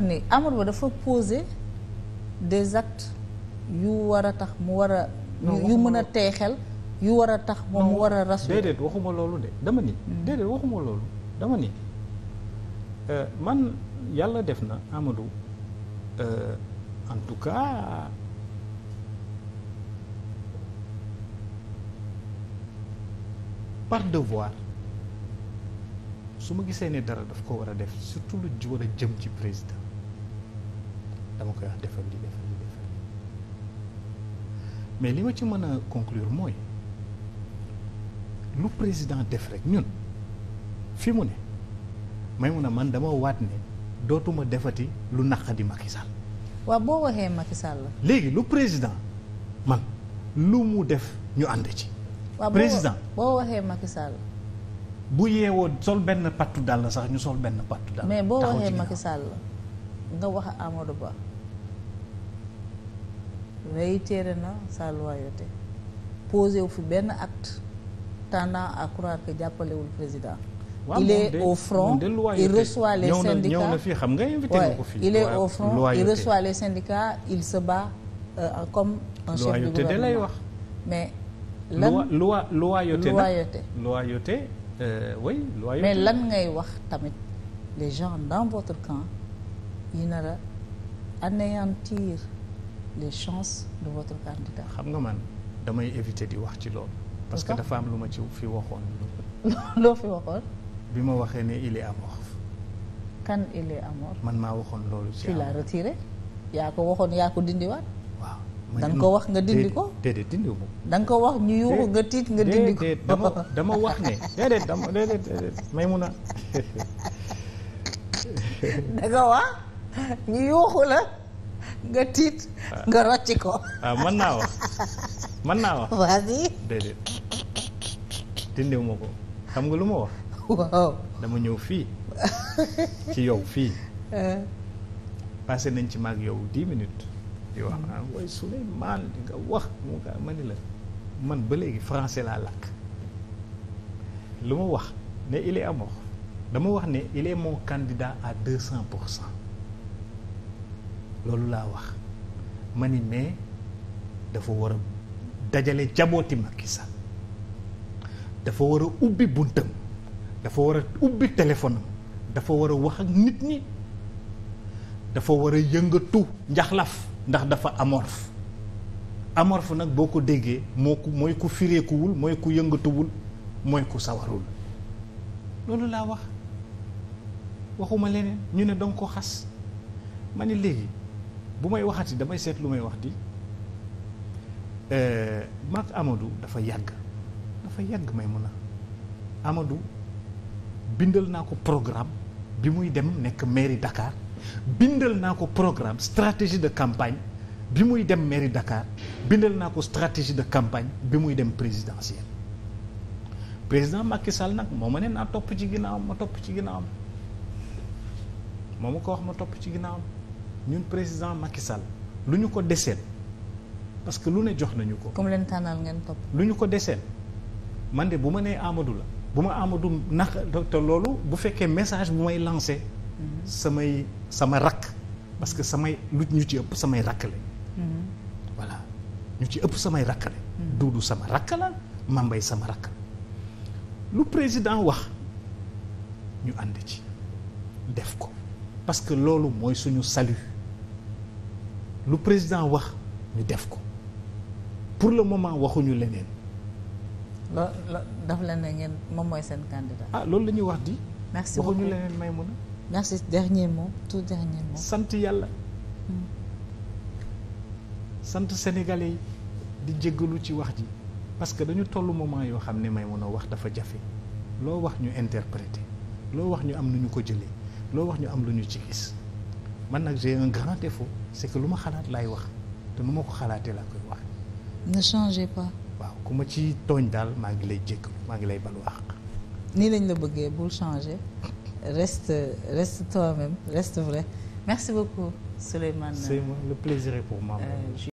ni Amadou dafa poser des actes yu war a tax mu war a yu mën a teexel yu war a tax moom mu war a rassurer déedéet waxuma loolu de dama ni mm. déedéet waxuma loolu dama ni euh, man yàlla def na Amadou euh, en tout cas par devoir su ma gisee ne dara daf ko war a def surtout lu war a jëm ci président dama koy wax defal di defal mais li ma ci mën a conclure mooy lu président def rek ñun fi mu ne may mun a man dama waat ne dootuma defati lu naqadi Macky Sall waaw boo waxee Macky la léegi lu président man lu mu def ñu ànd ci président boo waxee Macky Sall bu yeewoo sol benn pattu dàll sax ñu sol benn pattu dàll mais boo waxee Macky Sall la nga wax a Amadou Ba réitéré na sa loyauté posé wu fi benn acte tendant ak croire que jàppalewul président il est au front il reçoit les syndicats ñëw na fii xam nga invité nga ko fii il est au front il reçoit les syndicats il se bat euh, comme un chef de gouvernement lay mais lan loyauté euh, loyauté mais lan ngay wax tamit les gens dans votre camp yi nar anéantir les chances de votre candidat. xam nga man damay éviter di wax ci loolu. parce que dafa am lu ma ci fi waxoon. loo fi waxoon. bi ma waxee ne il est amor. man maa waxoon loolu. ci tu l'as yaa ko waxoon yaa ko dindiwaat. waaw da nga ko wax nga dindi ko déedéet dindi ko. da ko wax ñu yuuxu nga tiit nga dindi ko. déedéet dama wax ne déedéet dama déedéet déedéet may mun a. da wax ñu yuuxu la. nga tiit nga rocci ko. waaw ah, ah, mën naa wax man naa wax. vas-y. déedéet ma ko xam nga lu ma wax. waaw dama ñëw fii ci yow fii. Eh. passé nañ ci mag yow dix minutes. di wax ah mooy Souleymane di nga wax mu nga ma la man ba léegi français laa lakk lu ma wax ne il est dama wax ne il est mon à deux cent pour cent. loolu laa wax ma ni mais dafa war a dajale jabooti Macky Sall dafa war a ubbi buntam dafa war a ubbi téléphone dafa war a wax ak nit ñi dafa war a yëngatu njaxlaf ndax dafa amorphe amorphe nag boo ko déggee moo ku mooy ku fireekuwul mooy ku yëngatuwul mooy ku sawarul loolu laa wax waxuma leneen ñu ne danga ko xas ma ni léegi bu may waxati damay seet lu may wax di euh, mag Amadou dafa yàgg dafa yàgg may mun a Amadou bindal naa ko programme bi muy dem nekk mairie Dakar bindal naa ko programme stratégie de campagne bi muy dem mairie Dakar bindal naa ko stratégie de campagne bi muy dem présidentielle président Macky Sall nag moo ma ne naa topp ci ginnaawam ma topp ci ginnaawam moo ma ko wax ma topp ci ginnaawam. ñun président Macky lu ñu ko deseel parce que lu ne jox nañu ko. comme leen tànnal ngeen topp. lu ñu ko deseel man de bu ma nee Amadou la bu ma Amadou nax te loolu bu fekkee message bu may lancé. Mhm. samay sama rakk parce que samay lu ñu ci ëpp samay rakk la. Mhm. ñu ci ëpp samay rakk la. Mhm. sama rakk la Mambay sama rakk la lu président wax ñu ànd ci def ko parce que loolu mooy suñu salut. lu président wax ñu def ko pour le moment waxuñu leneen. loo loo daf la ngeen moom mooy seen candidat. ah loolu lañuy wax di. merci beaucoup waxuñu leneen may mun a. merci dernier moom tout dernier mot. sant yàlla. Hmm. sant sénégalais yi di jéggalu ci wax ji parce que dañu tollu moment yoo xam ne may mun wax dafa jafe loo wax ñu interpréter loo wax ñu am lu ñu ko jëlee loo wax ñu am lu ñu ci gis. man nag j'ai un grand défaut c'est que lu ma xalaat laay wax te nu ma ko xalaatee laa koy wax. ne changez pas. waaw ku ma ci tooñ daal maa ngi lay jékk maa ngi lay balu àq. nii lañ la bëggee bul changer reste reste toi-même reste vrai merci beaucoup Souleymane. C'est le plaisir est pour moi. Euh,